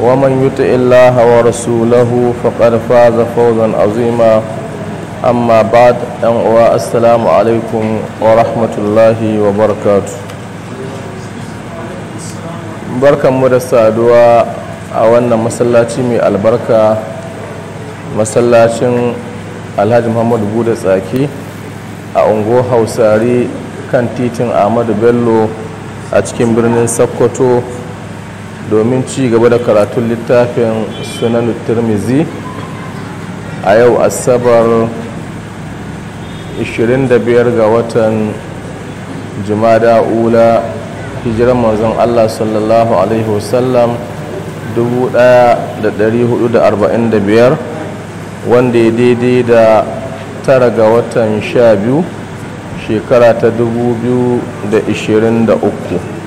ومن يطع الله ورسوله فقد فاز فوزا عظيما أما بعد السلام عليكم ورحمة الله وبركاته barkanmu da saduwa a wannan masallaci mai albarka masallacin alhaji muhammadu buɗe tsaki a ungo hausari kan titin ahmadu bello a cikin birnin sokoto domin ci gaba da karatun littafin sunan turmizi a yau asabar 25 ga watan jimada ula hijirar manzon allah sallallahu alaihi wasallam 1445 wanda ya daidai da tara ga watan 12 shekara ta 2023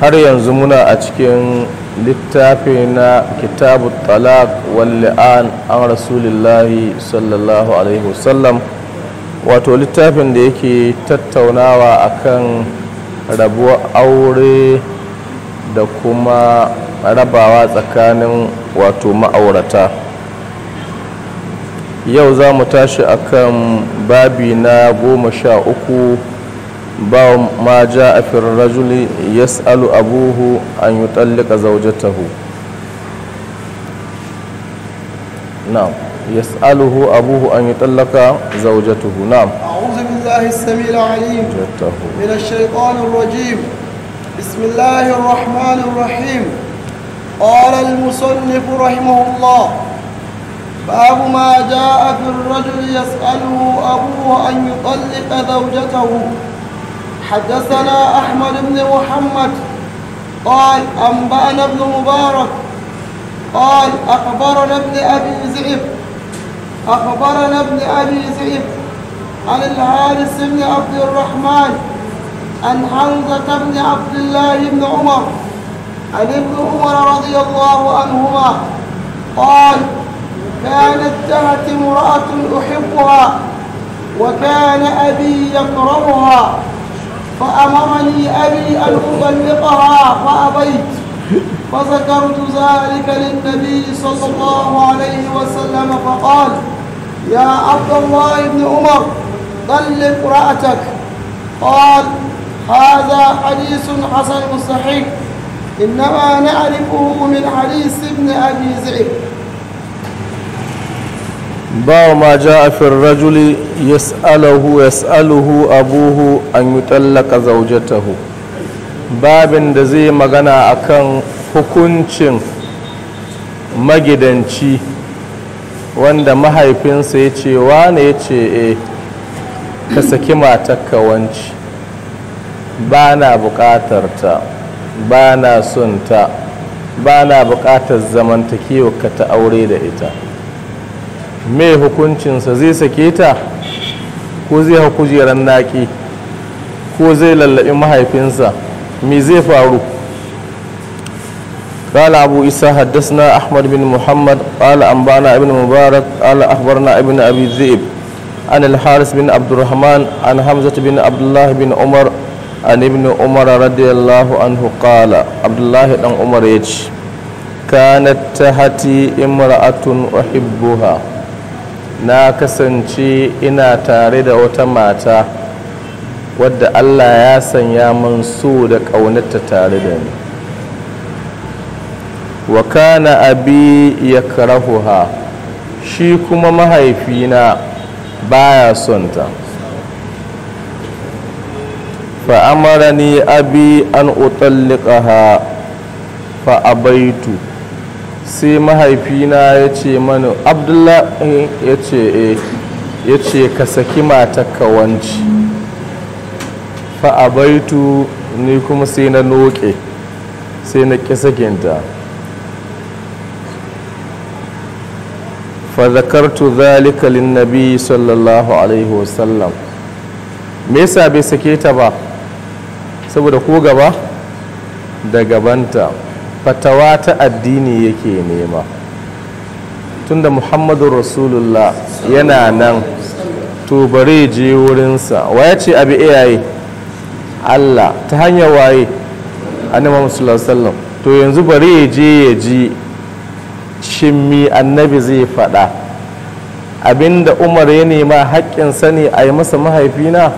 har yanzu muna a cikin littafi na kitabu talak walli'an an rasulillahi sallallahu alaihi wasallam wato littafin da yake tattaunawa akan rabuwar aure da kuma rabawa tsakanin wato ma'aurata yau za mu tashi akan babi na goma sha uku باب ما جاء في الرجل يسأل أبوه أن يطلق زوجته نعم يسأله أبوه أن يطلق زوجته نعم أعوذ بالله السميع العليم جته. من الشيطان الرجيم بسم الله الرحمن الرحيم قال المصنف رحمه الله باب ما جاء في الرجل يسأله أبوه أن يطلق زوجته حدثنا أحمد بن محمد قال أنبأنا ابن مبارك قال أخبرنا ابن أبي زئب أخبرنا ابن أبي زئب عن الحارث بن عبد الرحمن عن حمزة بن عبد الله بن عمر عن ابن عمر رضي الله عنهما قال كانت تهت امرأة أحبها وكان أبي يكرهها فأمرني أبي أن أبلغها فأبيت فذكرت ذلك للنبي صلى الله عليه وسلم فقال يا عبد الله بن عمر طلق امرأتك قال هذا حديث حسن صحيح إنما نعرفه من حديث ابن أبي ذئب باب ما جاء في الرجل يسأله يسأله أبوه أن يطلق زوجته babin da zai magana a kan hukuncin magidanci wanda mahaifinsa ya ce wane ya ce e ka saki matakka wanci ba na bukatar ta ba na son ta ba na bukatar zamantakewa ka ta aure da ita mai hukuncinsa zai sake ta ko zai hau kujerar naki ko zai lallabi mahaifinsa mai zai faru kala abu isa haddasa ahmad bin muhammad an ba na ibn mubarak ala na ibn abi zaib an al-haris bin abdurrahman an hamzat bin abdullahi bin umar an ibn umar radiyallahu anhu qala abdullahi dan umar ya ce kanat tahati imra'atun uhibbuha na kasance ina tare da wata mata wadda Allah ya sanya min so da ƙaunarta tare da ni wa kana abi ya karahuha shi kuma mahaifina baya son ta fa'amara ni abi an utallikaha fa abaitu sai mahaifina ya ce mana abdullahi ya ce eh, ya ce ka saki matakka wanci fa'abaitu ni kuma sai na noke sai na ƙi sakinta fadakartu zalika sallallahu alaihi wasallam me yasa bai sake ta ba saboda ko gaba da gabanta fatawa ta addini yake nema tunda muhammadu rasulullah yana nan to bare je wurinsa waya ce abu iyaye allah ta hanyar waye annabi musulun sallam to yanzu bari ya je ya ji shimmi annabi zai faɗa abinda umar ya nema haƙƙinsa ne a yi masa mahaifina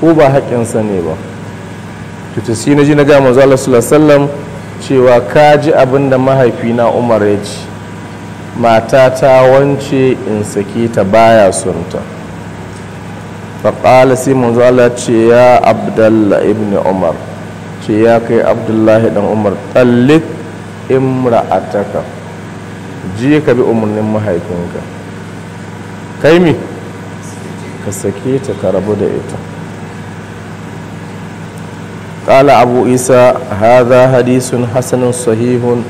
ko ba haƙƙinsa ne ba tutusi na ji na gama zuwa allah sallallahu cewa ka ji abin da mahaifina umar ya ci mata ta wance in sake ta baya sunta faƙala sai manzo Allah ce ya abdallah ibn umar ce ya kai abdullahi dan umar a taka. ji ka bi umarnin mahaifinka kai mi ka sake ta ka rabu da ita ƙala abu isa haza hadisin hasanun sahihun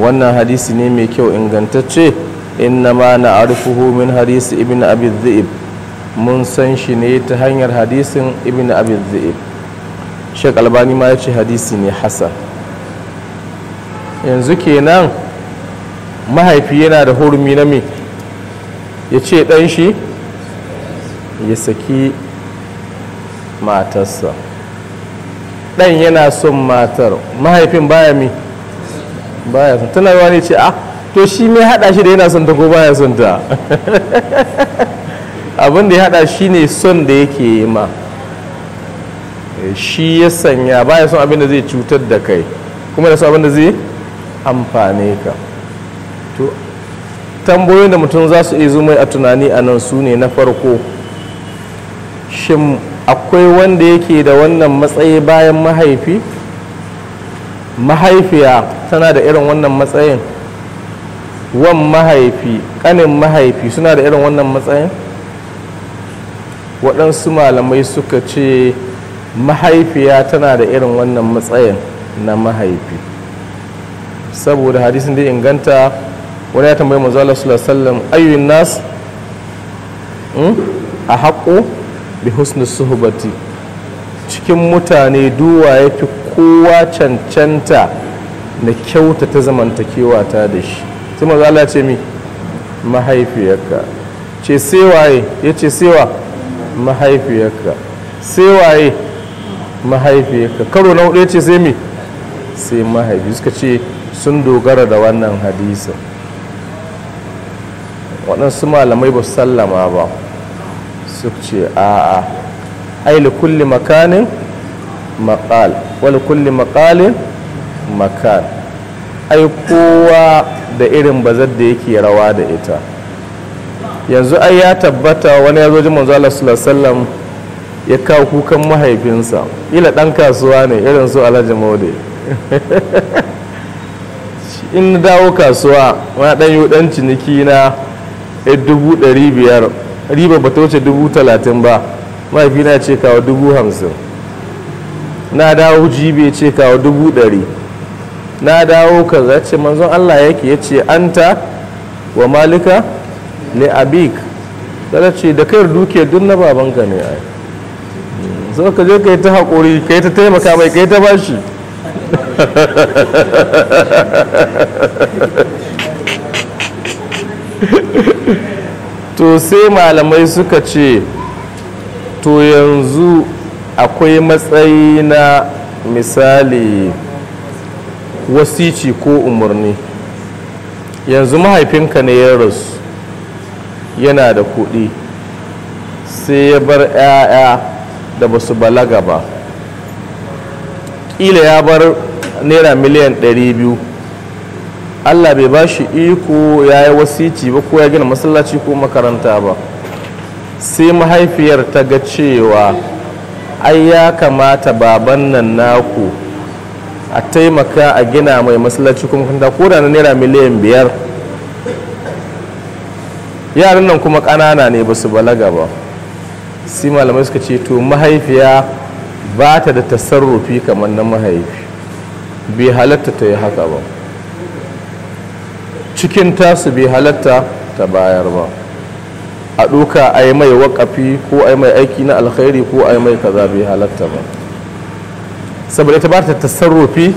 wannan hadisi ne mai kyau ingantacce inna ma na arifuhu min hadisi ibn abin zi'ib mun san shi ne ta hanyar hadisin ibn abin zi'ib shek albani ma ya ce hadisi ne hasa yanzu ke nan mahaifi yana da hurumi na mai ya ce ɗan shi ya saki matarsa ɗan yana son matar mahaifin baya mi baya son tana yawa ne ce a ah, to shi mai hada shi da yana son ta ko baya son ta abin da ya hada shi ne son da yake yi ma eh, shi ya sanya baya son abin da zai cutar da kai kuma da son abin da zai amfane ka to tambayoyin da mutum za su iya zumai a tunani a nan su ne na farko shin akwai wanda yake da wannan matsayi bayan mahaifi mahaifiya tana da irin wannan matsayin wan mahaifi kanin mahaifi suna da irin wannan matsayin waɗansu malamai suka ce mahaifiya tana da irin wannan matsayin na mahaifi saboda hadisin da inganta wani ya tambayi mazalar sulasallam ayyun nas hmm? a haƙo bi husnul suhbati cikin mutane duwa ya fi kowa cancanta na kyauta ta zamantakewa ta da shi ta mazala ce mi mahaifiyarka ce sewaye ya ce sewa mahaifiyarka sewaye mahaifiyarka karo na hudu ya ce sai mi sai mahaifi suka ce sun dogara da wannan hadisa waɗansu malamai ba su sallama ba suka ce a'a ai li kulli makanin maqal wa kulli maqalin makan ai kowa da irin bazar da yake rawa da ita yanzu ai ya tabbata wani ya zo ji manzo Allah sallallahu alaihi wasallam ya kawo kukan mahaifinsa ila dan kasuwa ne irin su Alhaji Maude in dawo kasuwa wani dan yi dan ciniki na dubu riba ba ta wuce dubu talatin ba mahaifina ya ce kawo dubu hamsin na dawo jibi ya ce kawo dubu ɗari na dawo ka za ce manzon allah yake ya ce an ta wa malika ne abik tsara ce da kai duke duk na babanka ne ai so ka je ka yi ta haƙuri ka yi ta taimaka mai ka yi ta bashi to sai malamai suka ce to yanzu akwai matsayi na misali wasici ko umarni yanzu mahaifinka na ya rasu yana da kuɗi sai ya bar 'ya'ya da ba su balaga ba ƙila ya bar naira miliyan 200 Allah bai ba shi iko ya yi wasici ba ko ya gina masallaci ko makaranta ba sai mahaifiyar ta ga cewa ai ya kamata baban nan naku a taimaka a gina mai masallaci ko makaranta ko da na naira miliyan biyar yaran nan kuma ƙanana ne ba su balaga ba sai malamai suka ce to mahaifiya ba ta da tasarrufi kamar na mahaifi bai halatta ta yi haka ba cikin tasu bai halatta ta bayar ba a ɗoka a yi mai waƙafi ko a yi mai aiki na alkhairi ko a yi mai kaza bai halatta ba saboda ita ba ta tasarrufi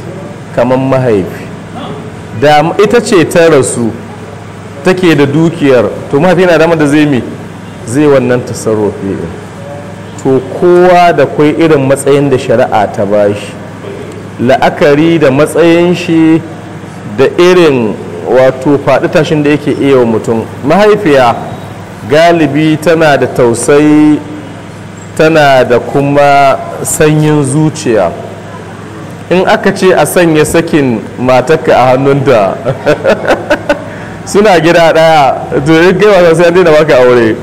kamar mahaifi da ita ce ta rasu take da dukiyar to mahaifi yana dama da zai mi zai wannan tasarrufi din to kowa da kwai irin matsayin da shari'a ta ba shi la'akari da matsayin shi da irin wato faɗi tashin da yake iya mutum mahaifiya galibi tana da tausayi tana da kuma sanyin zuciya in aka ce a sanya sakin matakka a hannunta suna gida ɗaya to yi kai sai an daina baka aure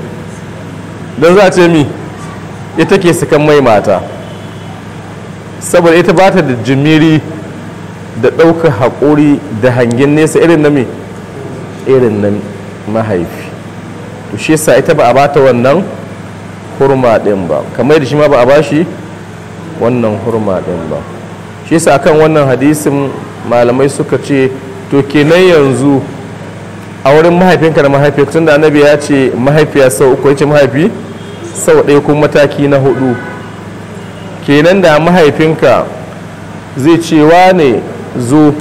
don za a ce mi ita ke sukan mai mata saboda ita ba ta da jimiri da ɗaukar haƙuri da hangen nesa irin na irin na mahaifi to shi yasa ita ba a bata wannan hurma ɗin ba kamar da shi ma ba a bashi wannan hurma ɗin ba shi yasa akan wannan hadisin malamai suka ce to kenan yanzu a wurin mahaifinka da tun da annabi ya ce mahaifiya sau uku ya ce mahaifi sau ɗaya kuma mataki na hudu kenan da mahaifinka zai cewa ne zo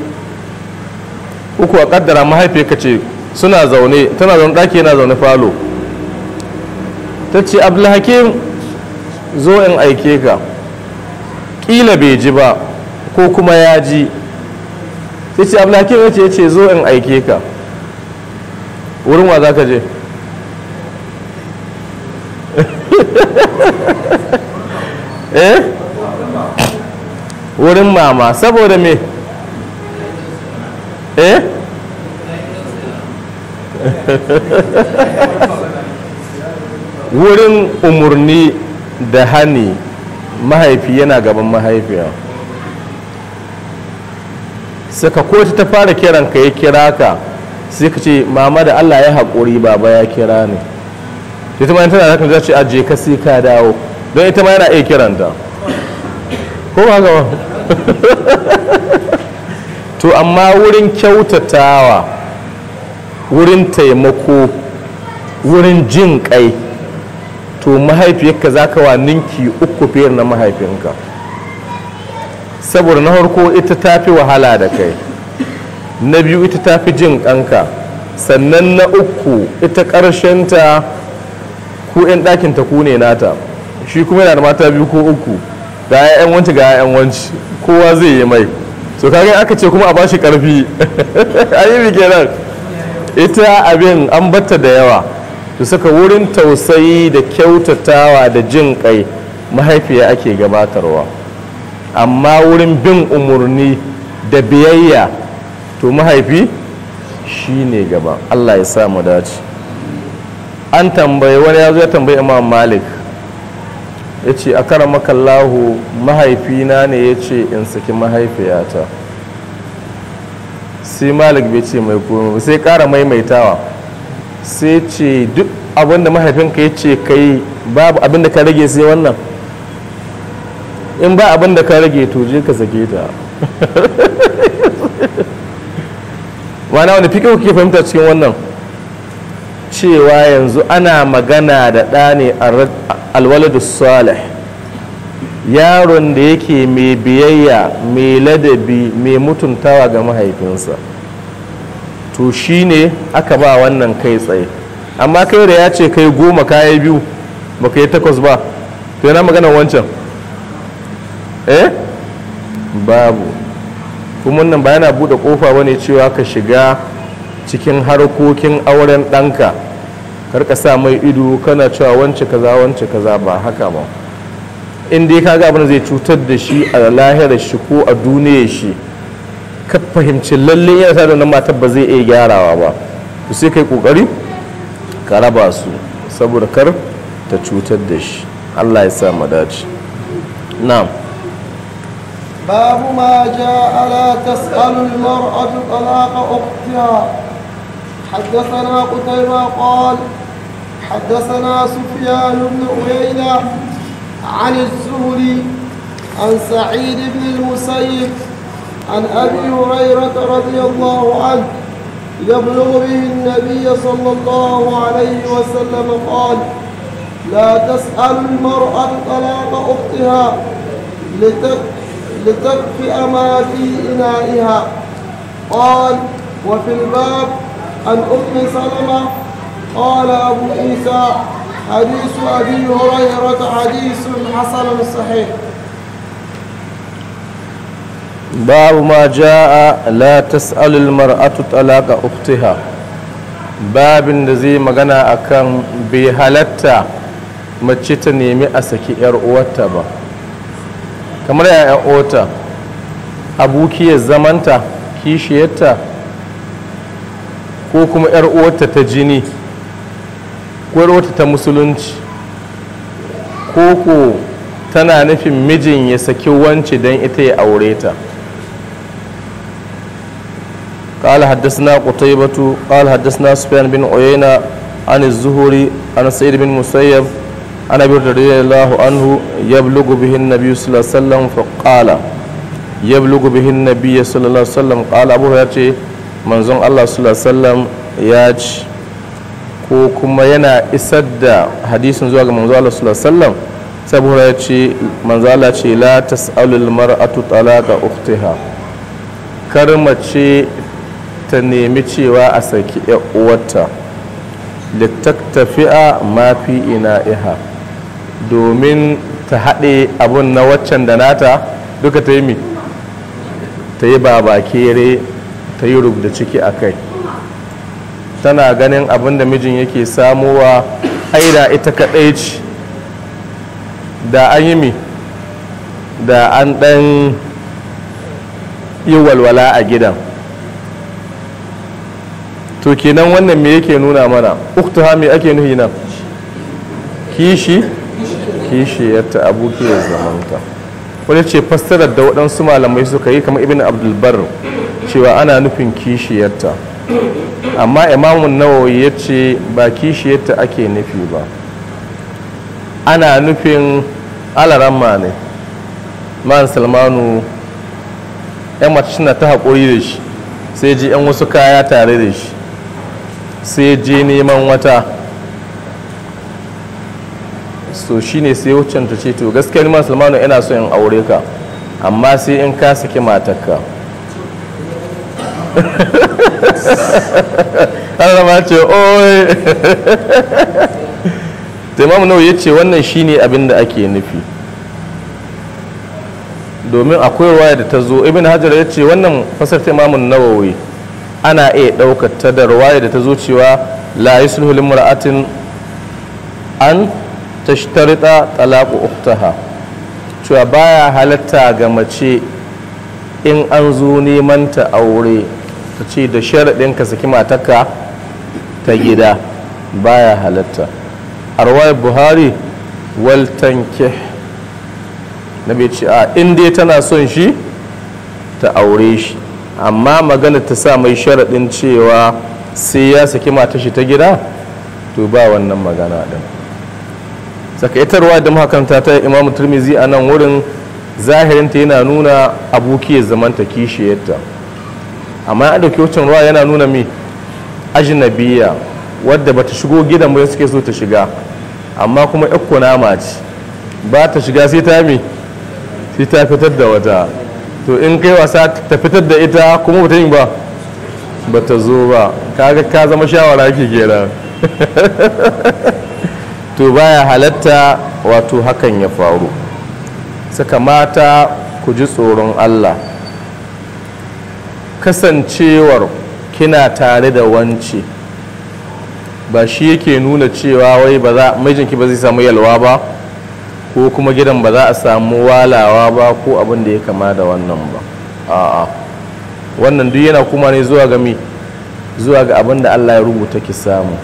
uku a kaddara ka ce suna zaune tana zaune ɗaki yana zaune falo ta ce abdulhakim zo in aike ka ƙila bai ji ba ko kuma ya ji ta ce abdulhakim ya ce ya ce zo in aike ka wurin wa za ka je eh wurin mama saboda me eh wurin umarni da hani mahaifi yana gaban mahaifiya saka ko ta fara kiran ka ya kira ka sai ka ce mama da allah ya haƙuri baba ya kira ne ita ma tana da za ce ajiye ka sai ka dawo don ita ma yana iya kiranta ko haka ba to amma wurin kyautatawa wurin taimako wurin jin kai to mahaifiyarka za ka wa ninki uku fiye na mahaifinka saboda na harko ita ta fi wahala da kai na biyu ita ta fi jin kanka sannan na uku ita ta ku 'yan ɗakinta ku ne nata shi kuma yana da mata biyu ko uku ga 'ya'yan wanci ga 'ya'yan wanci kowa zai yi mai so kaga aka ce kuma a bashi karfi yi bi kenan ita abin an batta da yawa su saka wurin tausayi da kyautatawa da jin kai mahaifiya ake gabatarwa amma wurin bin umarni da biyayya to mahaifi shine gaba Allah ya sa dace an tambaye wani ya zo ya tambaye Imam Malik ya ce a kara makallahu mahaifina ne ya ce in saki mahaifiyata sai malik bai ce mai komi sai kara maimaitawa sai ce duk abinda mahaifinka ya ce ka yi babu abinda ka rage sai wannan in ba abinda ka rage to je ka sake ta ma'ana wani fiƙi kuke fahimta cikin wannan cewa yanzu ana magana da ɗa ne alwaladu salih yaron da yake mai biyayya mai ladabi mai mutuntawa ga mahaifinsa to shi ne aka ba wannan kai tsaye amma kai da ya ce kai goma kayi biyu ba ka yi takwas ba to yana magana wancan eh babu kuma wannan ba yana buɗe ƙofa ba ne cewa ka shiga cikin harkokin auren ɗanka karka sa mai ido kana cewa wance kaza wance kaza ba haka ba in dai kaga abin zai cutar da shi a lahirar shi ko a duniya shi ka fahimci lalle yana sa da matar ba zai iya gyarawa ba ku sai kai kokari ka raba su saboda kar ta cutar da shi Allah ya sa mu dace na'am babu ma ja'a la tas'alu al-mar'atu talaqa ukhtiha حدثنا قتيبة قال حدثنا سفيان بن عيينة عن الزهري عن سعيد بن المسيب عن أبي هريرة رضي الله عنه يبلغ به النبي صلى الله عليه وسلم قال لا تسأل المرأة طلاق أختها لتكفئ ما في إنائها قال وفي الباب عن أم سلمة قال أبو عيسى حديث أبي هريرة حديث حسن صحيح باب ما جاء لا تسأل المرأة طلاق أختها babin da zai magana akan bai halatta mace ta nemi a saki 'yar uwarta ba kamar 'ya'yan uwarta abukiyar zamanta kishiyarta ko kuma 'yar uwarta ta jini wata ta musulunci koko tana nufin mijin ya saki wance don ita ya aure ta قال حدثنا قتيبة قال حدثنا سفيان بن عيينة عن الزهري عن سعيد بن مسيب عن ابي رضي الله عنه يبلغ به النبي صلى الله عليه وسلم فقال يبلغ به النبي صلى الله عليه وسلم قال ابو هريره منزون الله صلى الله عليه وسلم ياج ko kuma yana isar da hadisin zuwa ga manzala Allah saboda ya ce manzala ce la tas'alul mar'atu talaqa ukhtiha kar mace ta nemi cewa a saki ƴar uwarta litaktafi'a ma fi ina'iha domin ta haɗe abun na waccan da nata duka ta yi mi ta yi babakere ta yi rubda ciki a kai tana ganin abin da mijin yake samowa aida ita kaɗai ce da an yi mi da an ɗan yi walwala a gidan to kenan wannan me yake nuna mana uktuha me ake nuhi nan kishi kishi yadda abuke zamanta wani ce fassarar da waɗansu malamai suka yi kamar ibn abdulbar cewa ana nufin kishiyarta amma imamun Nawa ya ce ba kishiyarta ake nufi ba ana nufin alaramma ne man salmanu yan mace na ta haƙuri da shi sai ji yan wasu kaya tare da shi sai je neman wata so shine sai wucin ta ce to gaskiyar man salmanu yana so in aure ka amma sai in ka saki matarka harama ce oi imam nawawi ya ce wannan shine abin da ake nufi domin akwai ruwaya da ta zo ibn hajar ya ce wannan fasar ta imamun nawawi ana iya daukar ta da ruwaya da ta zo cewa la yuslihu limra'atin an tashtarita talaqu ukhtaha cewa baya halatta ga mace in an zo neman ta aure ta ce da sharaɗin ka saki matarka ta gida baya halatta arwai buhari waltanke na bai ce a inda tana son shi ta aure shi amma magana ta sa mai sharaɗin cewa sai ya saki mata shi ta gida to ba wannan magana din sakaitarwa da mahakanta ta imamu turmizi a nan wurin zahirinta yana nuna abokiyar zamanta kishiyarta amma ya dauki wucin ruwa yana nuna mi ajinabiya wadda bata shigo gidan ba suke so ta shiga amma kuma ikko nama ce ba ta shiga sai ta mi sai ta fitar da wata to in kai wasa ta fitar da ita kuma bata yi ba bata zo ba kaga ka zama shawara ke kenan to baya halatta wato hakan ya faru saka mata ku ji tsoron Allah kasancewar kina tare da wance ba shi yake nuna cewa wai ba za mijinki ba zai samu yalwa ba ko kuma gidan ba za a samu walawa ba ko abin da ya kama da wannan ba a'a wannan duk yana kuma ne zuwa ga mi zuwa ga abin da Allah ya rubuta ki samu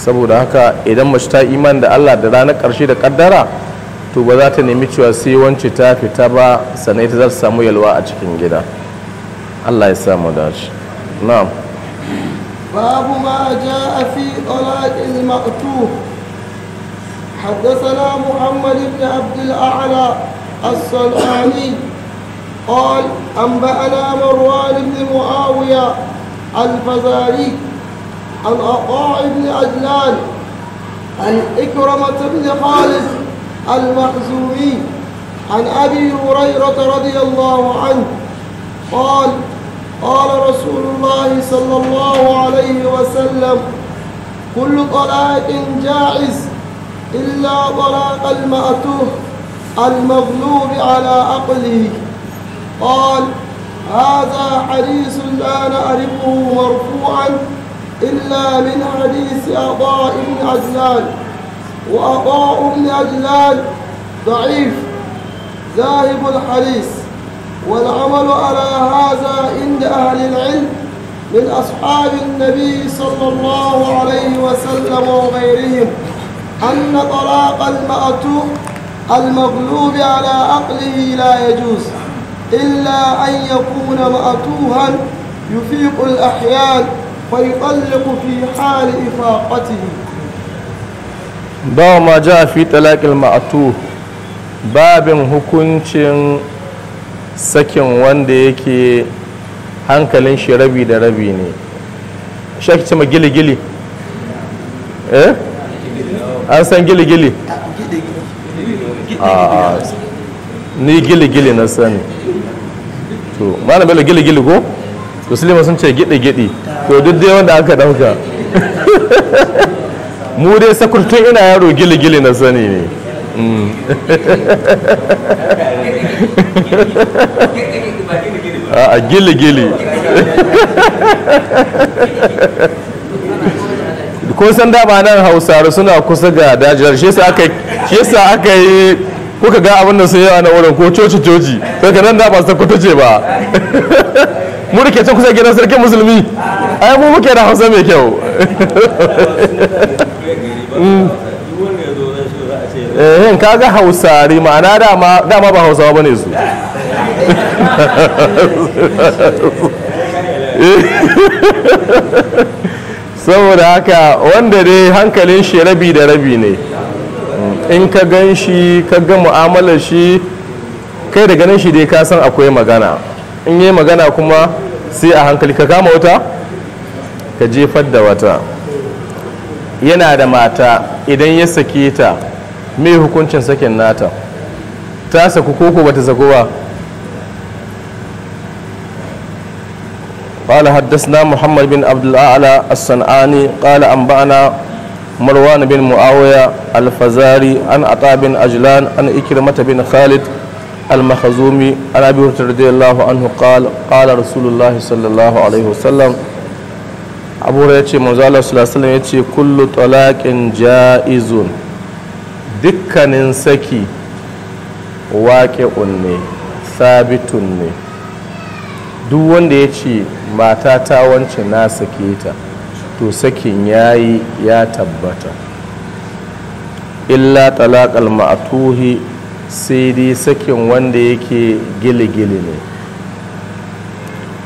saboda haka idan mace ta iman da Allah da ranar ƙarshe da ƙaddara to ba za ta nemi cewa sai wance ta fita ba sannan ita za ta samu yalwa a cikin gida Allah ya samu dace na'am babu ma ja a fi ɗaukacin maƙutu haddasa muhammad ibn abdul a'la as-sulani قال أنبأنا مروان بن معاوية الفزاري عن أقاع بن أجلان عن إكرمة ne خالد المخزومي عن أبي هريرة رضي الله عنه قال قال رسول الله صلى الله عليه وسلم كل طلاق جائز إلا طلاق المأتوه المغلوب على عقله قال هذا حديث لا نعرفه مرفوعا إلا من حديث أعضاء بن عجلان وعطاء بن أجلال ضعيف ذاهب الحديث والعمل على هذا عند أهل العلم من أصحاب النبي صلى الله عليه وسلم وغيرهم أن طلاق المأتوب المغلوب على عقله لا يجوز إلا أن يكون مأتوها يفيق الأحيان فيطلق في حال إفاقته bawa ma ja fi talakil ma'atu babin hukuncin sakin wanda yake hankalin shi rabi da rabi ne shaki cima gili-gili eh an san gili-gili ah, ni gili-gili na sani to mana bello gili-gili ko to sun ce gidi-gidi to duk dai wanda aka dauka mu dai sakurtun ina yaro gili-gili na sani ne mm. a gili-gili kun san daba nan hausare suna kusa ga dajiyar shi yasa aka yi kuka ga abin da sun yi a na wurin ko coci-coci ka nan da ba ce ba mu da ke kusa gidan sarkin musulmi ai mu muke da hausa mai kyau eh ga hausari ma'ana dama dama ba hausawa bane su saboda haka wanda dai hankalin shi rabi da rabi ne in ka gan shi ka ga mu'amalar shi kai da ganin shi dai ka san akwai magana in yi magana kuma sai a hankali ka kama wata ka jefar da wata yana da mata idan ya sake ta mai hukuncin sakin nata ta saku koko bata saku ba قال حدثنا محمد بن عبد الاعلى الصنعاني قال انبانا مروان بن معاويه الفزاري عن عطاء بن اجلان عن اكرمه بن خالد المخزومي عن ابي هريرة رضي الله عنه قال قال رسول الله صلى الله عليه وسلم ابو هريرة يتي صلى الله عليه وسلم يتي كل طلاق جائز دكان سكي واقع ني ثابت ني duk wanda ya ce mata ta wance na sake ta to sakin yayi ya tabbata illa talaqal ma'tuhi sai dai sakin wanda yake gile-gile ne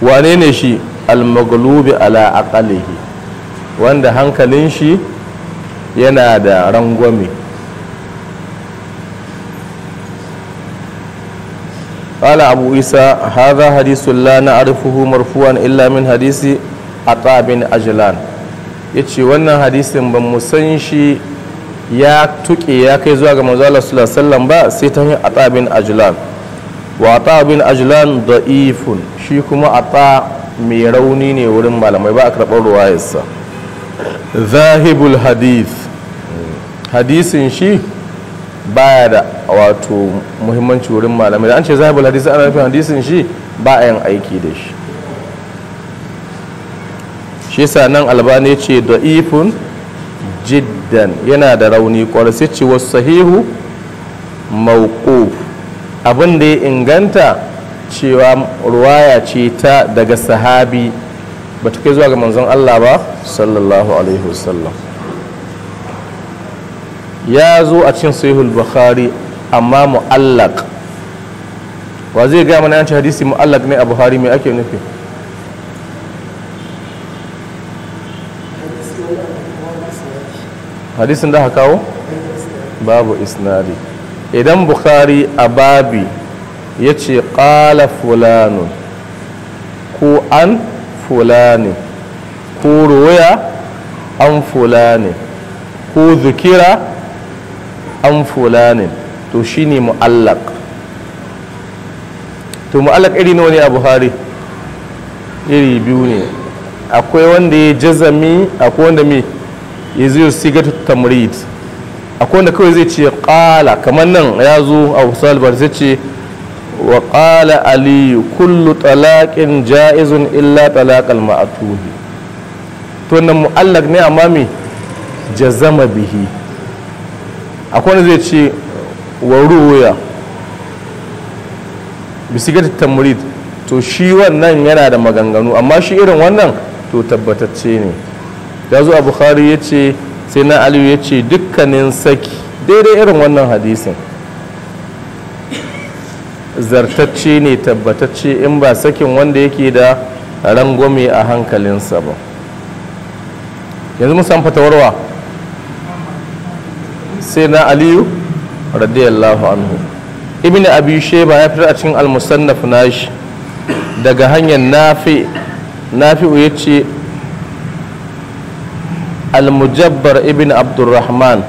wane ne shi almaglubi ala aqalihi wanda hankalin shi yana da rangwame ala abu isa haza hadisu la na arifuhu marfuwan min hadisi a ajilan ya ce wannan hadisin ban musan shi ya tuƙe ya kai zuwa ga manzala sallallahu ba sai ta yi ata bin ajlan wa ata bin ajlan ifun shi kuma ata mai rauni ne wurin malamai ba a karɓar yasa zahibul hadith hadisin shi baya da wato muhimmanci wurin malamai da an ce zahibul hadith ana nufin hadisin shi ba a yin aiki da shi shi sa nan albani ce ifun jid jiddan yana da rauni ce wasu sahihu mauku abin da ya inganta cewa ruwaya ce ta daga sahabi ba ta kai zuwa ga manzon Allah ba sallallahu alaihi wasallam ya zo a cin sahihul bukhari amma mu'allaq wa zai ga mana yanci hadisi mu'allaq ne a buhari mai ake nufi hadisin da haka kawo babu isnadi idan bukhari a babi ya ce ƙala fulani ko an fulani ko ruwaya an fulani ko zukira an fulani to shi ne muallak to muallak iri nawa ne a buhari iri biyu ne akwai wanda ya jazami akwai wanda mai ya zai sigatu tamrid akwai wanda kawai zai ce kala kamar nan ya zo a wasu zai ce wa kala ali kullu talaƙin ja'izun illa talaƙal ma'atuhi to nan mu'allak ne amma me jazama bihi akwai wanda zai ce wa ruwaya bisigatu tamrid to shi wannan yana da maganganu amma shi irin wannan to tabbatacce ne ya zo a bukhari ya ce sai na aliyu ya ce dukkanin saki daidai irin wannan hadisin zartacce ne tabbatacce in ba sakin wanda yake da rangwame a hankalinsa ba yanzu musan fatawarwa sai na aliyu radiyallahu anhu ibn abi sheba ya fitar a cikin almusannaf nashi daga hanyar nafi nafi'u ya ce almujabbar ibn abdulrahman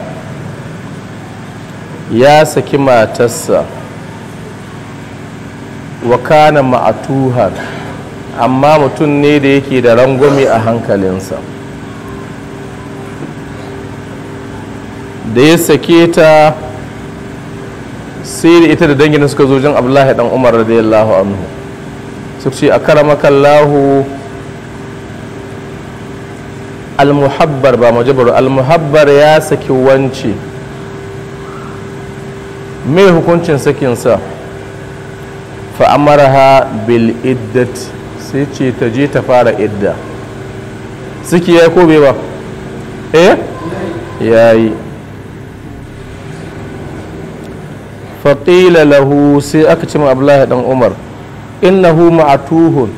ya saki matarsa wa kana ma'atuhan amma mutum ne da yake da rangwami a hankalinsa da ya sake ta sai da ita da dangin suka zo jan abdullahi dan umar radiyallahu anhu su ce a karamakallahu almuhabbar ba majabar almuhabbar ya saki wance mai hukuncin sakinsa fa'amaraha bil iddat sai ce ta je ta fara idda suke ya ko bai ba eh yayi faƙila lahu sai aka ce ma abdullahi dan umar innahu ma'atuhun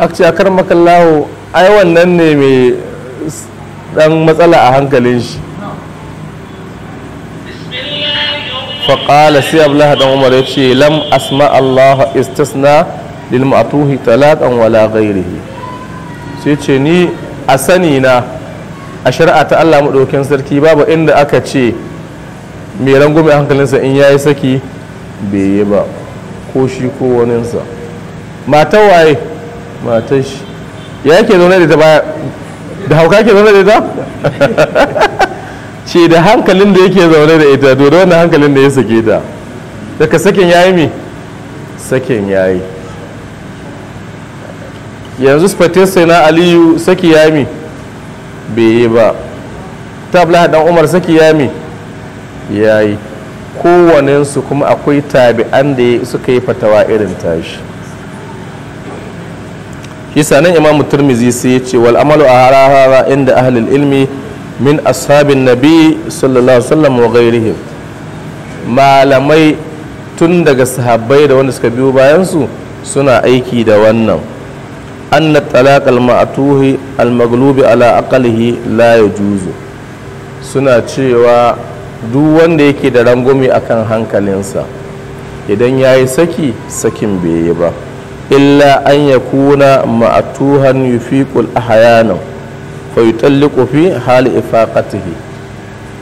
aka ce akar makallahu ai wannan ne mai dan matsala a hankalin shi faƙala sai abdullahi dan umar ya ce lam asma allah istisna lil ma'tuhi talaqan wala ghairihi sai ce ni a sani na a shari'a ta Allah madaukakin sarki babu inda aka ce mai rangume hankalinsa in yayi saki bai yi ba ko shi ko waninsa matan waye matan shi ya yake zaune da ita ba da hauka ke zaune da ita ce da hankalin da yake zaune da ita to da wannan hankalin da ya sake ta daga sakin yayi mi sakin yayi yanzu sai na aliyu saki yayi mi bai yi ba tabla dan umar saki yayi mi yayi kowanensu kuma akwai tabi'an da suka yi fatawa irin tashi isa nan imamu turmizi sai ya ce wal amalu a harahara inda ahalil ilmi min ashabin nabi sallallahu wasallam wa gairihim malamai tun daga sahabbai da wanda suka biyo bayansu suna aiki da wannan anna talaq al-ma'tuhi al maglubi ala aqlihi la yajuzu suna cewa duk wanda yake da rangumi akan hankalinsa idan yayi saki sakin bai yi ba illa an ya kuna ma'atuhan yufiqul ahyanan fa yutalliqu fi hali ifaqatihi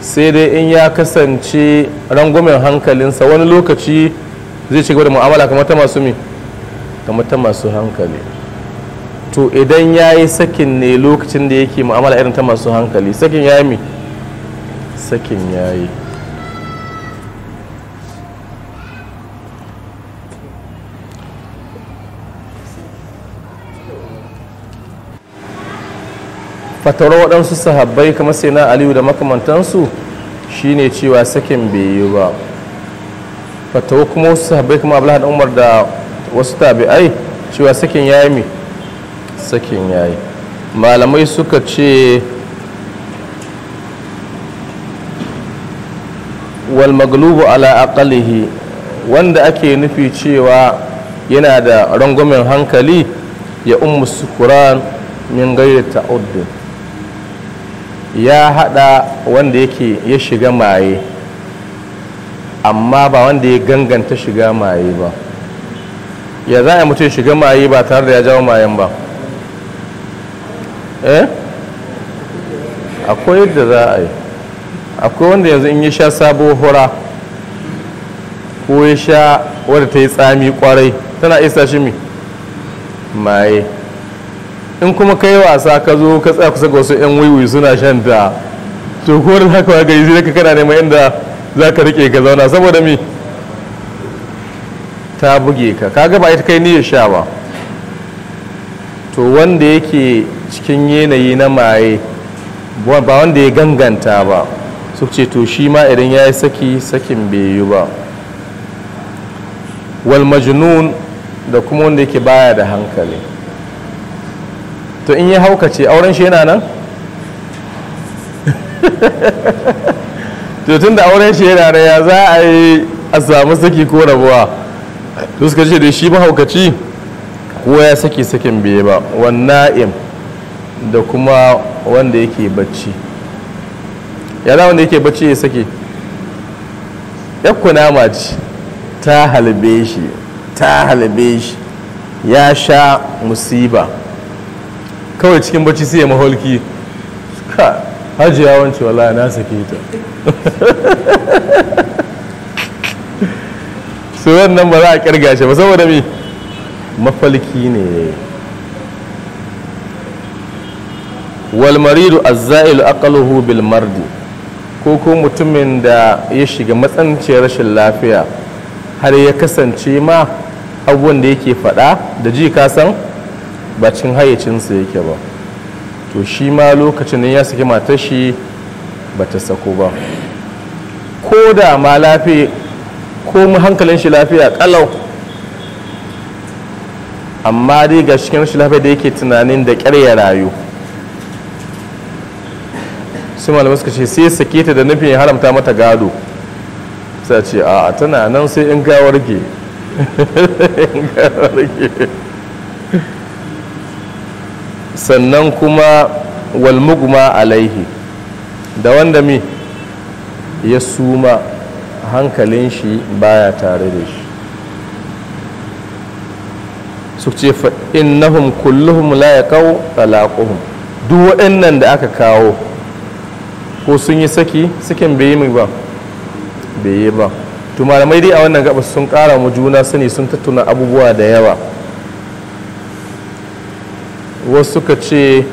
sai dai in ya kasance rangwamen hankalinsa wani lokaci zai ci gaba da mu'amala kamar ta masu mi kamar ta masu hankali to idan ya yi sakin ne lokacin da yake mu'amala irin ta masu hankali sakin ya yi mi sakin ya yi fatarar waɗansu sahabbai kamar sai na aliyu da makamantansu shine cewa sakin bai yi ba fatawa kuma wasu sahabbai kuma abu da umar da wasu tabi'ai cewa sakin ya yi sakin ya yi malamai suka ce wal maglubu ala aqalihi wanda ake nufi cewa yana da rangwamen hankali ya ummu sukuran min gairi ta'uddin ya hada wanda yake ya shiga maye amma ba wanda ya ganganta shiga maye ba ya za a mutum shiga maye ba tare da ya jawo mayan ba eh akwai yadda za a yi akwai wanda yanzu in ya sha sabo hura ko ya sha wadda ta yi tsami kwarai tana isa shi mai maye in kuma kai wasa ka zo ka tsaya kusa ga wasu yan wiwi suna shan ta to za da haka gari zai ka kana neman inda za ka rike ka zauna saboda mi ta buge ka kaga ba ita kai niyyar sha ba to wanda yake cikin yanayi na maye ba wanda ya ganganta ba su ce to shi ma idan ya yi saki sakin bai yi ba wal majnun da kuma wanda yake baya da hankali to in ya haukace auren shi yana nan to tun da auren shi yana nan ya za a yi a samu saki ko rabuwa to suka ce da shi mahaukaci ko ya saki sakin biye ba na'im da kuma wanda yake bacci ya za wanda yake bacci ya saki ya kuna ce ta halbe shi ta halbe shi ya sha musiba kawai cikin bacci sai ya maholki ka hajiya wance wala na sake ta su wannan ba za a kirga shi ba saboda me mafalki ne walmaridu maridu azzailu aqluhu bil mardi ko ko mutumin da ya shiga matsanciyar rashin lafiya har ya kasance ma abubuwan da yake faɗa da ji kasan san ba cikin hayyacinsa yake ba to shi ma lokacin da ya saki matar shi ba ta sako ba ko da ma lafiya ko mu hankalin shi lafiya kalau amma dai ga cikin shi lafiya da yake tunanin da kyar ya rayu sai malamai suka ce sai sake ta da nufin ya haramta mata gado sai ce a tana nan sai in gawar ge sannan kuma walmugma alaihi da wanda mi ya suma hankalin shi baya tare da shi su ce innahum kulluhum la kawo talaquhum duk waɗannan da aka kawo ko sun yi saki sakin bai yi ba bai yi ba to dai a wannan gaba sun ƙara mu juna sani sun tattuna abubuwa da yawa wasu ka ce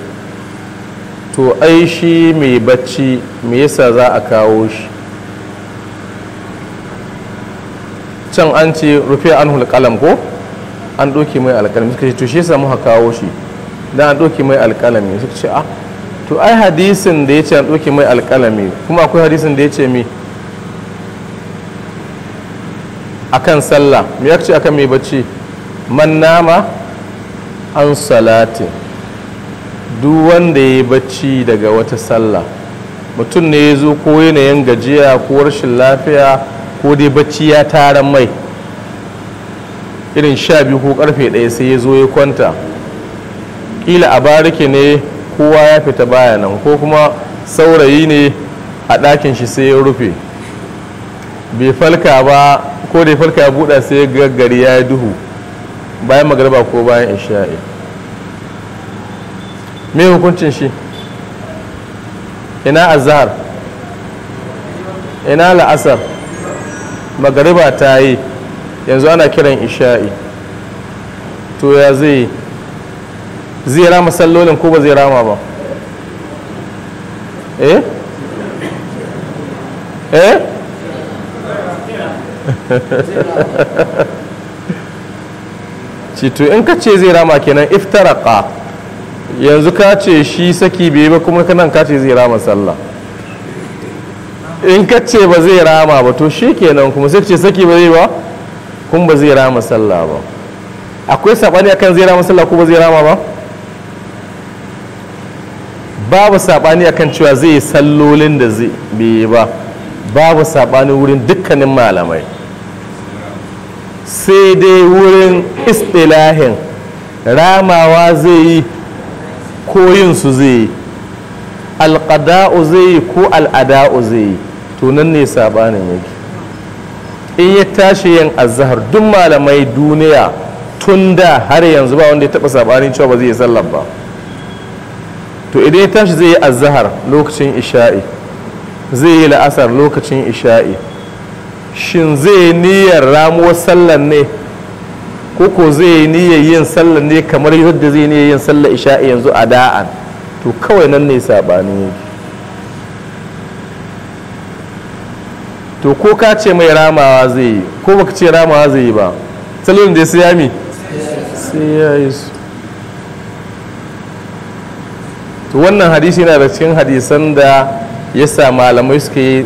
to ai shi mai bacci me yasa za a kawo shi can an ce rufe an hulƙalam ko an ɗauki mai alƙalami suka ce to shi yasa muka kawo shi dan an ɗauke mai alƙalami suka ce a ah, to ai hadisin da ya ce an ɗauki mai alƙalami kuma akwai hadisin da ya ce mi akan sallah me ya ce akan mai bacci man nama an salatin duk wanda ya yi bacci daga wata sallah mutum ne ya zo ko yanayin gajiya ko rashin lafiya ko dai bacci ya tara mai irin sha biyu ko karfe ɗaya sai ya zo ya kwanta kila a barike ne kowa ya fita baya nan ko kuma saurayi ne a ɗakin shi sai ya rufe bai falka ba ko dai falka ya buɗa sai ya gaggari ya duhu bayan magarba ko bayan isha'i me hukuncin shi ina azhar ina la'asar magariba ta yi yanzu ana kiran isha'i to ya zai zai rama sallolin ko ba zai rama ba eh eh cito in ka ce zai rama kenan iftaraka yanzu ka ce shi saki bai ba kuma kanan ka ce zai rama sallah in ka ce ba zai rama ba to shi kenan kuma sai ce saki ba zai ba kuma ba zai rama sallah ba akwai saɓani akan zai rama sallah ko ba zai rama ba babu saɓani akan cewa zai sallolin da zai bai ba babu saɓani wurin dukkanin malamai sai dai wurin istilahin ramawa zai yi ko yin su zai yi alƙada'u zai yi ko al'ada'u zai yi to ne sabanin yake in ya tashi yin azahar duk malamai duniya tun da har yanzu ba wanda ya taɓa sabanin cewa ba zai yi sallar ba to idan ya tashi zai yi azahar lokacin isha'i zai yi la'asar lokacin isha'i shin zai niyyar ramuwar sallar ne koko zai yi niyyar yin sallah ne kamar yadda zai niyyar yin sallah isha'i yanzu a da'an to kawai nan ne sabani to ko ka ce mai ramawa zai yi ko baka ce ramawa zai yi ba salon da ya siya mi yi su to wannan hadisi yana da cikin hadisan da ya sa malamai suka yi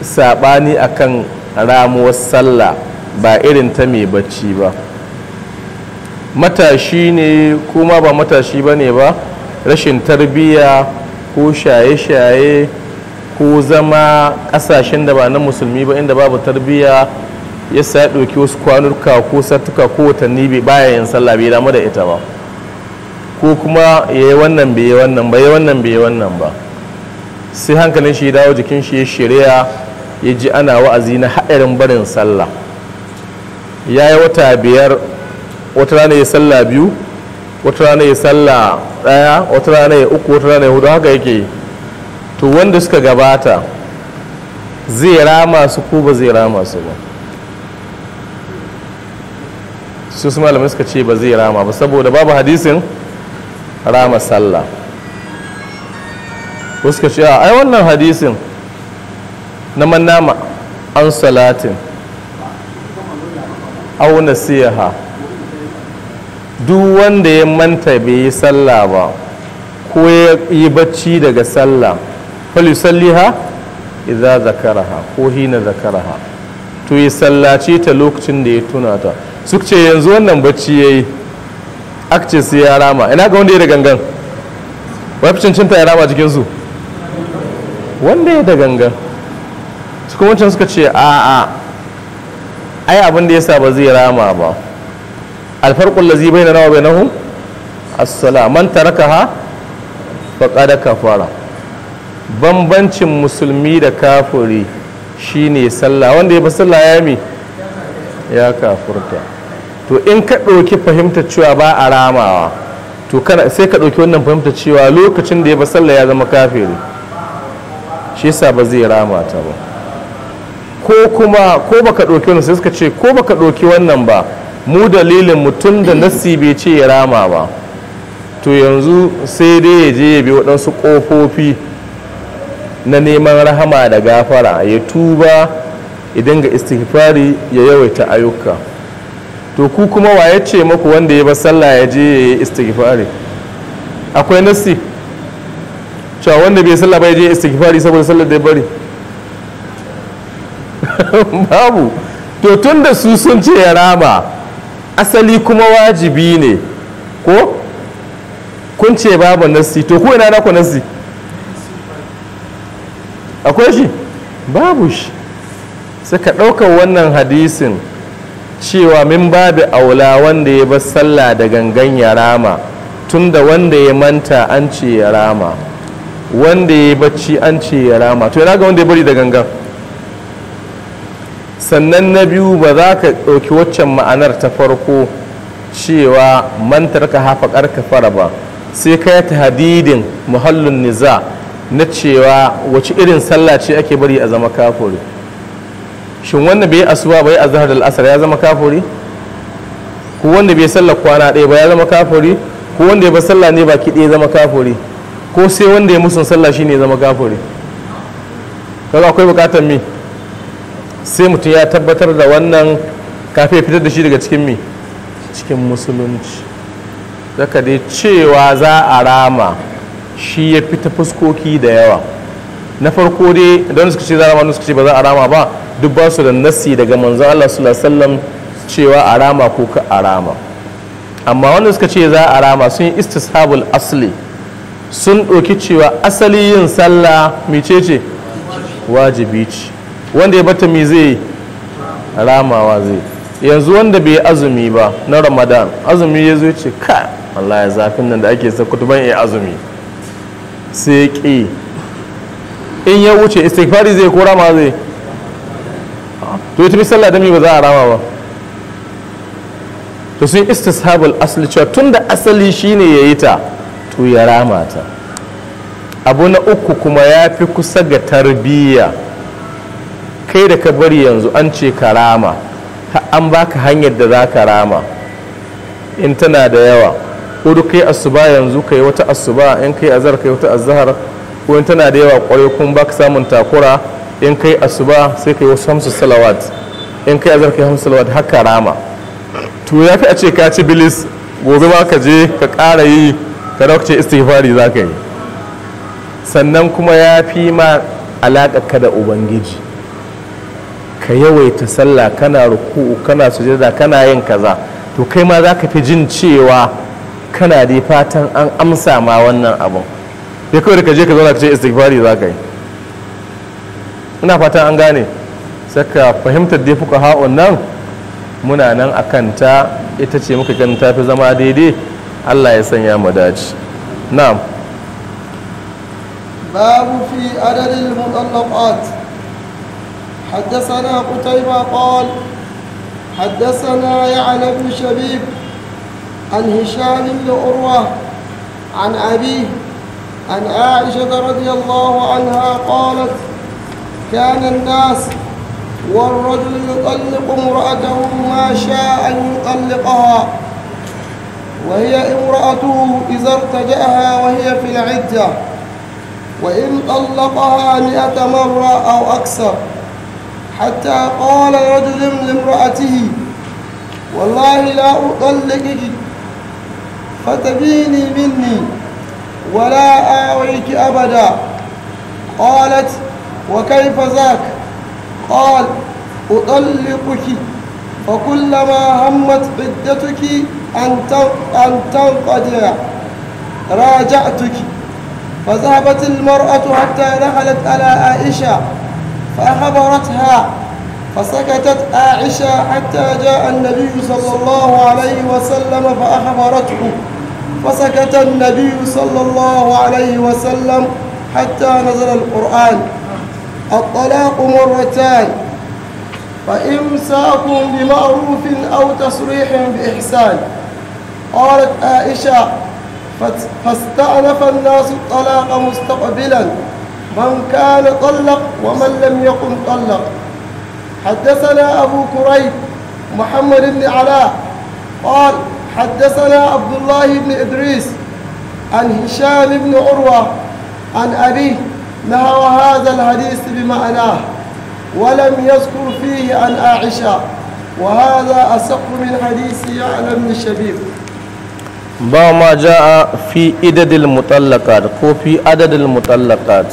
sabani akan ramuwar sallah ba irin ta mai bacci ba matashi ne kuma ba matashi ba ne ba rashin tarbiyya ko shaye-shaye ko zama ƙasashen da ba na musulmi ba inda babu tarbiyya ya sa ɗauki wasu kwanuka ko satuka ko watanni bai baya yin sallah bai damu da ita ba ko kuma ya yi wannan bai yi wannan ba ya wannan bai yi wannan ba sai hankalin shi dawo jikin shi ya shirya ya ji ana wa'azi na haɗarin barin sallah ya yi wata biyar wata rana ya salla biyu wata rana ya salla ɗaya wata rana ya uku wata rana ya hudu haka yake to wanda suka gabata zai rama su ko ba zai rama su ba su su malamai suka ce ba zai rama ba saboda babu hadisin rama sallah wasu suka ce a ai wannan hadisin na manama an salatin au nasiha duk wanda ya manta bai yi sallah ba ko ya yi bacci daga sallah falisalliha idza zakaraha ko hina zakaraha to yi sallaci ta lokacin da ya tuna ta su ce yanzu wannan bacci yayi akce su ya rama ina ga wanda ya da gangan wai cincin cinta ya rama jikinsu? su wanda ya da gangan su kuma wancan suka ce a'a ai abin da sa ba zai rama ba alfarqul ladzi bainana wa bainahum as-salam man tarakaha faqad kafara bambancin musulmi da kafiri shine sallah wanda ya ba sallah ya mi ya kafurta to in ka ɗauki fahimtar cewa ba a ramawa to sai ka ɗauki wannan fahimtar cewa lokacin da ya ba sallah ya zama kafiri shi yasa ba zai rama ta ba ko kuma ko baka ɗauki wannan sai suka ce ko baka ɗauki wannan ba mu dalilin mutum da nassi bai ce ya rama ba to yanzu sai dai ya je ya bi waɗansu ƙofofi na neman rahama da gafara ya tuba idan ga istighfari ya yawaita ayyuka to ku kuma wa ya ce maku wanda ya ba sallah ya je ya yi istighfari akwai nassi cewa wanda bai sallah ba ya je istighfari saboda sallar da ya bari babu to tun da su sun ce ya rama asali kuma wajibi ne ko kun ce babu nassi to ko ina ku nassi akwai shi babu shi ka ɗaukar wannan hadisin cewa min babu aula wanda ya bar sallah da gangan ya rama tunda wanda ya manta an ce ya rama wanda ya bacci an ce ya rama to yana ga wanda ya bari da gangan sannan na biyu ba za ka ɗauki waccan ma'anar ta farko cewa mantar ka hafa ƙarka fara ba sai ka ta hadidin muhallin niza na cewa wace irin sallah ce ake bari a zama kafuri shin wanda bai asuba bai a da al'asar ya zama kafuri ko wanda bai sallar kwana ɗaya ba ya zama kafuri ko wanda ya ba sallah ne baki ɗaya zama kafuri ko sai wanda ya musun sallah shine zama kafuri kaga akwai bukatar me sai mutum ya tabbatar da wannan kafin ya fitar da shi daga cikin mi cikin musulunci daga dai cewa za a rama shi ya fita fuskoki da yawa na farko dai don suka ce za a rama suka ce ba za a rama ba duk ba su da nasi daga manzon Allah sallallahu cewa a rama ko ka a rama amma wanda suka ce za a rama sun yi istishabul asli sun ɗauki cewa asali yin sallah ce wajibi ce wanda ya bata me zai ramawa zai yanzu wanda bai azumi ba na ramadan azumi ya zo ce ka Allah ya zafin nan da ake sa kutuban ya azumi sai ƙi in ya wuce istighfari zai ko rama zai to ita sallah da ba za a rama ba to sai istishabul asali cewa tun da asali shine ya yi ta to ya rama ta abu na uku kuma ya fi kusa ga tarbiyya kai da ka bari yanzu an ce ka rama an baka hanyar da za ka rama in tana da yawa ko duk kai asuba yanzu kai wata asuba in kai azhar kai wata azhar ko in tana da yawa kwarai kun baka samun takura in kai asuba sai kai wasu hamsu salawat in kai azhar kai hamsu salawat haka rama to ya fi a ce ka ci bilis gobe ma ka je ka ƙara yi ka ce istighfari za ka yi sannan kuma ya fi ma alaƙa ka da ubangiji ka yawaita sallah kana ruku'u kana sujada kana yin kaza to kai ma za ka fi jin cewa kana dai fatan an amsa ma wannan abun ya kawai da ka je ka zauna ka ce istighfari za ka yi ina fatan an gane saka fahimtar dai fuka ha'un nan muna nan a kanta ita ce muka gani ta fi zama daidai allah ya sanya mu dace na'am babu fi adadin mutallaqat حدثنا قتيبة قال حدثنا يعلى بن شبيب عن هشام بن عروة عن أبيه عن عائشة رضي الله عنها قالت كان الناس والرجل يطلق امرأته ما شاء أن يطلقها وهي امرأته إذا ارتجأها وهي في العدة وإن طلقها مئة مرة أو أكثر حتى قال رجل لامرأته والله لا أطلقك فتبيني مني ولا آويك أبدا قالت وكيف ذاك قال أطلقك فكلما همت عدتك أن تنقضي راجعتك فذهبت المرأة حتى دخلت على عائشة فأخبرتها فسكتت عائشة حتى جاء النبي صلى الله عليه وسلم فأخبرته فسكت النبي صلى الله عليه وسلم حتى نزل القرآن الطلاق مرتان فإمساك بمعروف أو تصريح بإحسان قالت عائشة فاستأنف الناس الطلاق مستقبلا من كان طلق ومن لم يقم طلق حدثنا أبو كريب محمد بن علاء قال حدثنا عبد الله بن إدريس عن هشام بن عروة عن أبيه نهى هذا الحديث بمعناه ولم يذكر فيه عن عائشة وهذا أسق من حديث يعلم بن شبيب باب ما جاء في عدد المطلقات وفي عدد المطلقات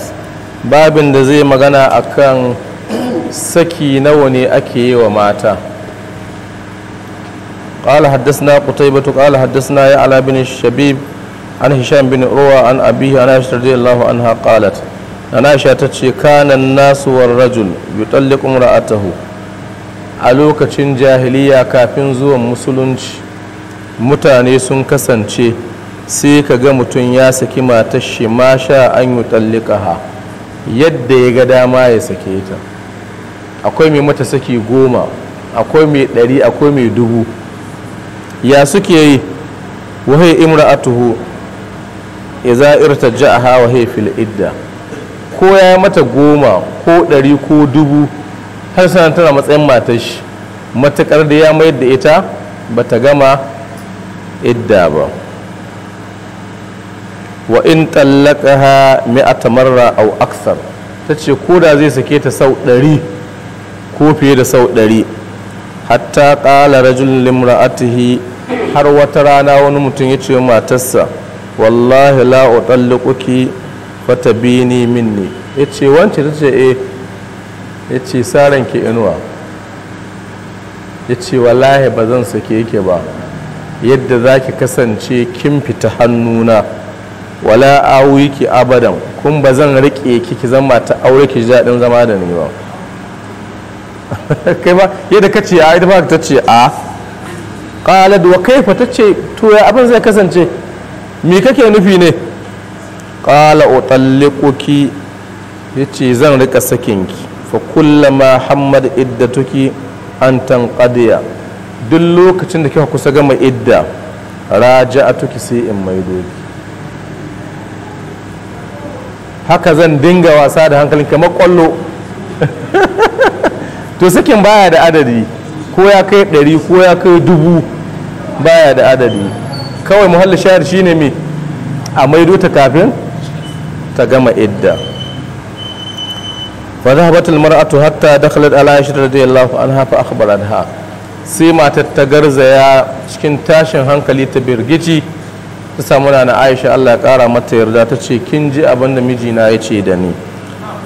babin da zai magana a kan saki nawa ne ake yi wa mata ƙala haddasa na ƙutai batu na ya ala bin shabib an hisham bin ruwa an abihi shi tarzai allahu an ha ƙalat na na sha ta ce kanan nasuwar rajul bi tallikun ra'atahu a lokacin jahiliya kafin zuwan musulunci mutane sun kasance sai ka ga mutum ya saki matashi shi. Masha an yi tallika ha yadda ya ga dama ya sake ta akwai mai mata saki goma akwai mai ɗari akwai mai dubu ya suke yi wahai irta iza a hawa fil idda ko ya yi mata goma ko ɗari ko dubu har sanar tana matsayin matar shi matakar da ya mayar da ita ba ta gama idda ba wa in a mi'ata marra aw ta ce ko da zai sake ta sau ɗari ko fiye da sau ɗari hatta qala rajul limra'atihi har wata rana wani mutum ya ce matarsa wallahi la utalliquki fatabini minni yace wance ce eh yace saran ki inuwa yace wallahi ba zan sake yake ba yadda zaki kasance kin fita hannuna wala awi ki abadan kun ba zan rike ki ki zama ta aure ki ji daɗin zama da ni ba kai ba yadda ka ce a ita ba ta ce a qalad wa kaifa ta ce to ya abin zai kasance me kake nufi ne qala utalliquki yace zan rika ki fa kullama muhammad iddatuki antan qadiya duk lokacin da kika kusa gama idda raja'atuki sai in maido ki haka zan dinga wasa da hankalin kamar kwallo to sakin baya da adadi ko ya kai ɗari ko ya kai dubu baya da adadi kawai muhalli shahar shine mai a maido ta kafin ta gama idda fa batul almar'atu hatta dakhalat ala aisha radiyallahu anha fa ha sai matar ta garzaya cikin tashin hankali ta birgici ta samu na aisha allah ya kara mata yarda ta ce kin ji abin da mijina ya ce da ni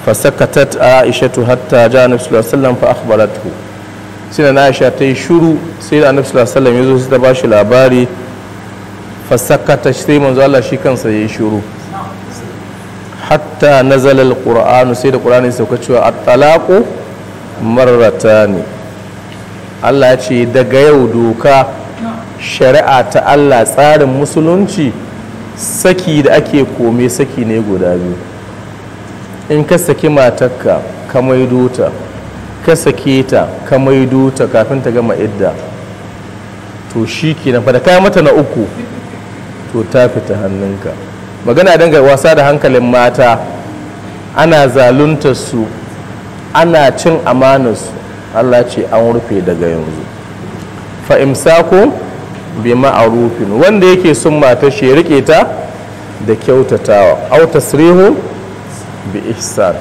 fasakatat aisha tu hatta ja annabi sallam alaihi fa akhbaratu sai na aisha ta yi shuru sai da annabi sallam ya zo ta ba shi labari fasakata sai manzo allah shi kansa ya yi shuru hatta zalal alqur'anu sai da qur'ani sauka cewa at-talaqu marratani Allah ya ce daga yau doka shari'a ta Allah tsarin musulunci saki da ake kome saki ne guda biyu in ka saki matakka ka maido ta ka sake ta ka maido ta kafin ta gama idda to shi ke fa fada kai mata na uku to ta fita hannunka magana danga wasa da hankalin mata ana zalunta su ana cin amanarsu Allah ce an rufe daga yanzu fa ko bi ma'arufin wanda yake sun mata shi rike ta da kyautatawa au tasrihu bi ihsan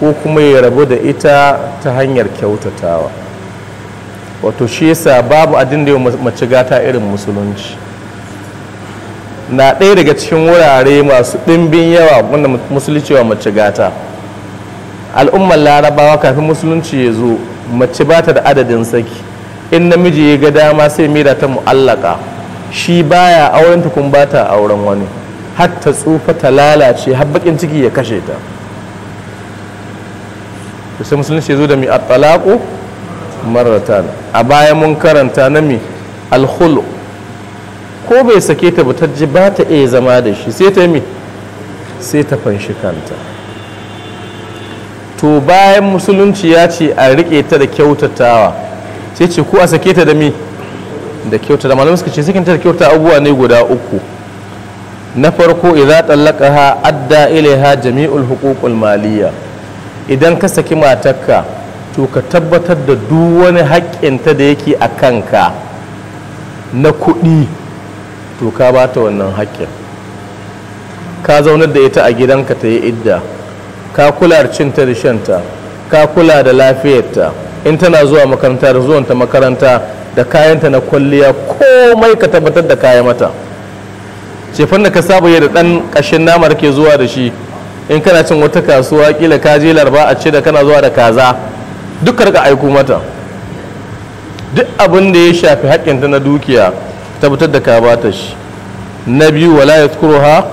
ko kuma ya rabu da ita ta hanyar kyautatawa wato shi yasa babu adin da ya mace gata irin musulunci na ɗaya daga cikin wurare masu ɗimbin yawa wanda musulunci wa mace gata al'ummar larabawa kafin musulunci ya zo mace ba ta da adadin saki in namiji ya ga dama sai mira ta mu'allaka shi baya auren ta kun bata auren wani har ta tsufa ta lalace har bakin ciki ya kashe ta sai musulunci ya zo da mi at-talaqu marratan a baya mun karanta na mi al ko bai sake ta ta ji ba ta iya zama da shi sai ta mi sai ta fanshi kanta to bayan musulunci ya ce a riƙe ta da kyautatawa sai ce ku a sake ta da me da kyauta da malamai suka ce sakinta da kyauta abubuwa ne guda uku na farko idan idza ha adda ilaiha jami'ul hukukul maliyya idan ka saki matarka to ka tabbatar da duk wani haƙƙinta da yake a kanka na kuɗi to ka ba ta wannan haƙƙin ka zaunar da ita a gidanka ta yi idda ka kula da cinta da shanta ka kula da lafiyarta in tana zuwa makaranta da zuwanta makaranta da kayanta na kwalliya komai ka tabbatar da kaya mata cefan da ka saba yi da ɗan ƙashin namar ke zuwa da shi in kana cin wata kasuwa kila ka je larba a ce da kana zuwa da kaza duk ka aiko mata duk abin da ya shafi haƙƙinta na dukiya tabbatar da ka bata shi na biyu wala ya ha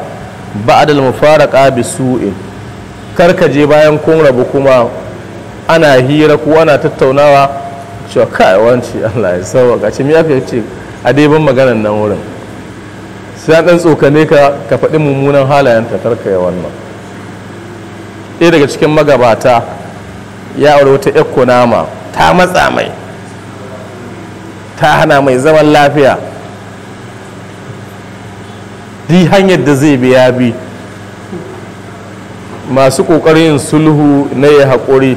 ba'adal mufaraqa bi su'in kar ka je bayan kun rabu kuma ana hira ko ana tattaunawa cewa kai wanci Allah ya sauka ce me ya ce a dai ban maganar nan wurin sai dan tsokane ka ka faɗi mummunan halayen ta tarka ya wannan ɗaya daga cikin magabata ya aure wata nama ta matsa mai ta hana mai zaman lafiya di hanyar da zai biya bi masu ƙoƙarin sulhu na ya haƙuri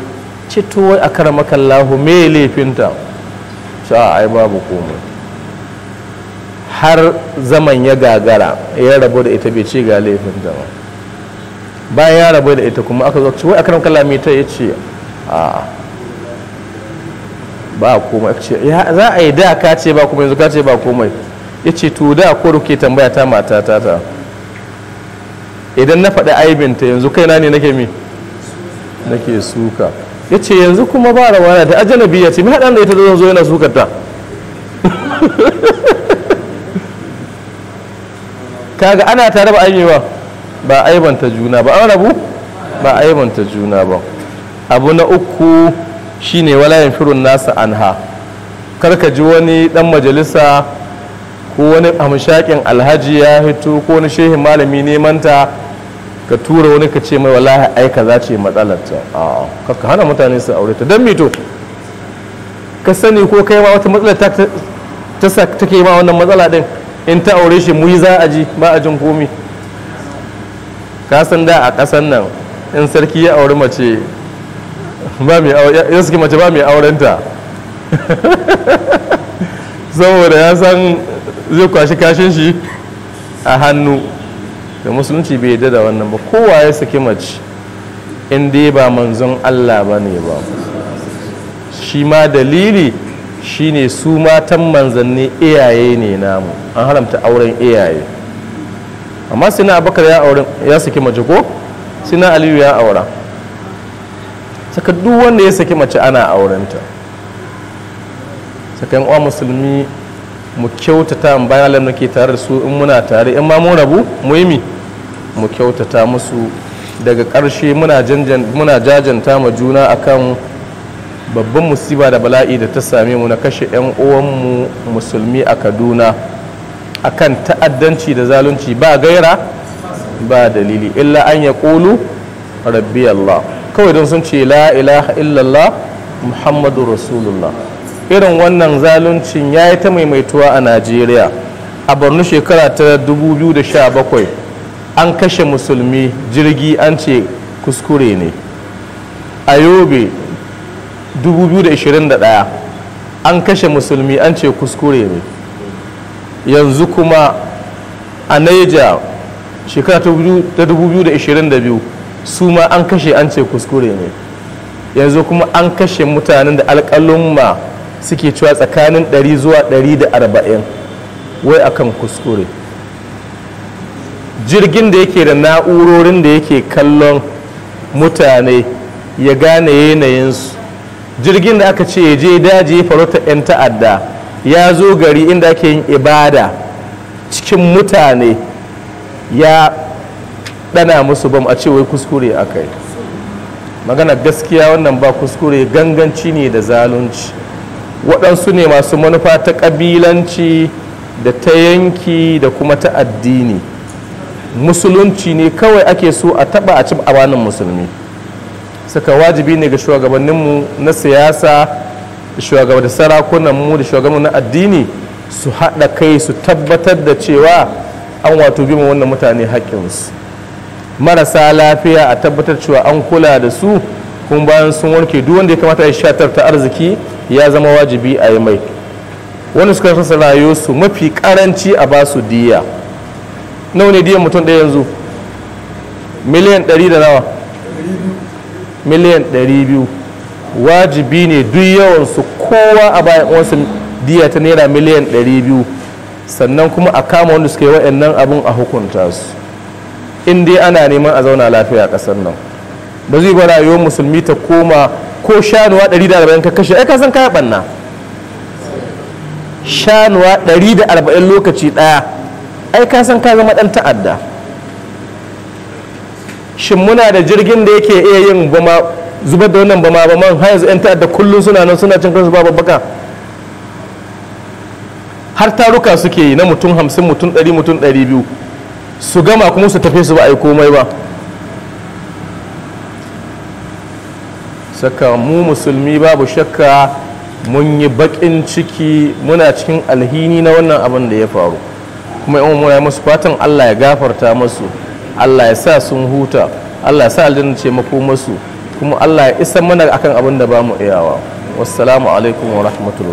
ce to wai a karamakan lahu me laifinta a ai babu komai har zaman ya gagara ya rabu da ita bai ce ga laifinta ba bayan ya rabu da ita kuma aka zo ce wai a karamakan lahu ta ya ce a ba komai ce za a yi da ka ce ba komai yanzu ka ce ba komai ya ce to da ko ruke tambaya ta mata ta ta idan na faɗi aibinta yanzu kaina ne nake mi nake suka ya ce yanzu kuma ba rawana ta ajalabi ya ce mai haɗa da ita zan zo yana sukarta kaga ana tare ba wa ba aibanta juna ba an rabu ba aibanta juna ba abu na uku shine walayin firin nasa anha karka ji wani dan majalisa ko wani amshakin alhaji ya hito ko wani shehin malami neman ta ka tura wani ka ce mai wallahi ai za ce matsalar ta a'a ka hana mutane su aure ta dan mito ka sani ko kai ma wata matsalar ta ta sa take ma wannan matsala din in ta aure shi mu yi za a ji ba a jin komi ka san da a kasan nan in sarki ya auri mace ba mai ya suke mace ba mai aurenta saboda ya san zai kwashi kashin shi a hannu da musulunci bai yadda da wannan ba kowa ya saki mace in dai ba manzon Allah ba ne ba shi ma dalili ne su matan manzanni iyaye ne namu an haramta auren iyaye amma sina abakar ya saki mace ko sina aliyu ya aura saka duk wanda ya saki mace ana aurenta saka yan musulmi mu kyautata bayan alam ke tare da su in muna tare in ma mun rabu mu yi mu kyautata musu daga ƙarshe muna jajanta ma juna akan babban musiba da bala'i da ta same mu na kashe 'yan uwanmu musulmi a kaduna akan ta'addanci da zalunci ba gaira ba dalili illa an ya ƙulu rabbi Allah kawai don sun ce la ilaha illallah muhammadu rasulullah irin wannan zaluncin ya yi ta maimaituwa a najeriya a borno shekara ta 2017 an kashe musulmi jirgi an ce kuskure ne a yobe 2021 an kashe musulmi an ce kuskure ne yanzu kuma a naija shekara ta 2022 su ma an kashe an ce kuskure ne yanzu kuma an kashe mutanen da alƙalumma suke cewa tsakanin 100 zuwa 140 wai akan kuskure jirgin da yake da na'urorin da yake kallon mutane ya gane yanayinsu jirgin da aka ce ya je daji farauta 'yan ta'adda ya zo gari inda ake yin ibada cikin mutane ya dana musu bam a cewa kuskure a kai magana gaskiya wannan ba kuskure ganganci ne da zalunci waɗansu ne masu manufa ta ƙabilanci da ta yanki da kuma ta addini musulunci ne kawai ake so a taba a ci abanin musulmi suka wajibi ne ga shugabanninmu na siyasa da shugaban da sarakunanmu da shugaban na addini su haɗa kai su tabbatar da cewa an wato bi mu wannan mutane haƙƙinsu marasa lafiya a tabbatar cewa an kula da su kuma bayan sun warke duk wanda ya kamata ya shatar ta arziki ya zama wajibi a yi mai wani suka rasa rayu su mafi karanci a basu diya nawa ne diyan mutum ɗaya yanzu miliyan ɗari da nawa miliyan ɗari biyu wajibi ne duk yawansu kowa a bayan wasu diya ta naira miliyan ɗari biyu sannan kuma a kama wanda suke yi wa'annan abin a hukunta su in dai ana neman a zauna lafiya a ƙasar nan ba zai ba rayuwar musulmi ta koma ko shanuwa da arba'in ka kashe ai ka san kaya ɓanna shanuwa da arba'in lokaci ɗaya ai ka san ka zama ɗan ta'adda shin muna da jirgin da yake iya yin bama zubar da wannan bama bama har yanzu 'yan ta'adda kullum suna nan suna cin kansu babu baka har taruka suke yi na mutum hamsin mutum ɗari mutum ɗari biyu su gama kuma su tafi su ba a yi komai ba saka mu musulmi babu shakka mun yi baƙin ciki muna cikin alhini na wannan abin da ya faru kuma yan muna musu fatan Allah ya gafarta masu, Allah ya sa sun huta Allah ya sa aljanna ce mako musu kuma Allah ya isa mana akan abin da ba mu iyawa wassalamu alaikum wa rahmatullah